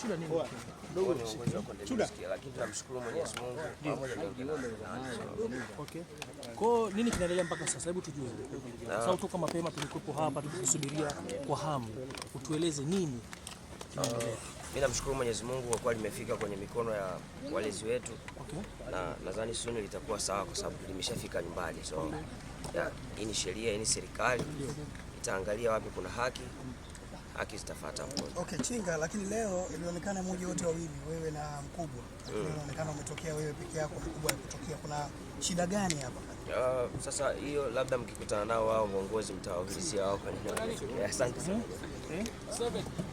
Shida nini? Dogo ni lakini tunamshukuru Mwenyezi Mungu pamoja na Okay. Kwa nini kinaendelea mpaka sasa? Hebu tujue. Sasa utoka mapema tulikuwepo hapa tukisubiria kwa hamu. Utueleze nini? Mimi ah, namshukuru Mwenyezi Mungu kwa kuwa limefika kwenye mikono ya walezi wetu. Okay. Na nadhani suni litakuwa sawa kwa sababu limeshafika nyumbani. So, hii ni sheria, hii ni serikali. Itaangalia wapi kuna haki akistafata mkono. Okay, Chinga, lakini leo ilionekana mmoja wote wawili wewe na mkubwa. Lakini inaonekana mm, umetokea wewe peke yako, mkubwa kutokea. Kuna shida gani hapa? Uh, sasa hiyo labda mkikutana nao wao viongozi mtawaulizia wao kwa nini. Asante sana. Eh?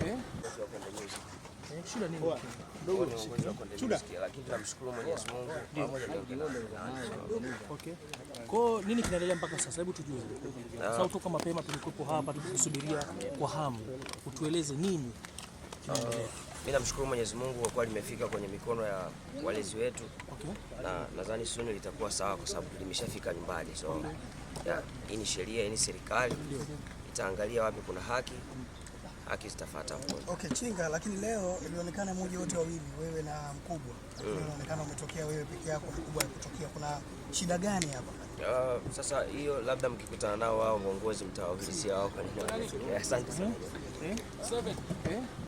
Eh? Kwa nini kinaendelea mpaka sasa? Hebu tujue. Ah. Sasa utoka mapema tulikuwepo hapa tukikusubiria kwa hamu, utueleze nini kinaendelea. Ah, mimi namshukuru Mwenyezi Mungu kwa kuwa limefika kwenye mikono ya walezi wetu okay. Na nadhani suni litakuwa sawa kwa sababu limeshafika nyumbani, so hii ni sheria, hii ni serikali, itaangalia wapi kuna haki akistafata okay, Chinga, lakini leo ilionekana mmoja wote wawili, wewe na mkubwa, mm. inaonekana umetokea wewe peke yako, mkubwa alikutokea. Kuna shida gani hapa? Uh, sasa hiyo labda mkikutana nao wao viongozi mtawawilisia wao. Asante sana. Eh? Eh?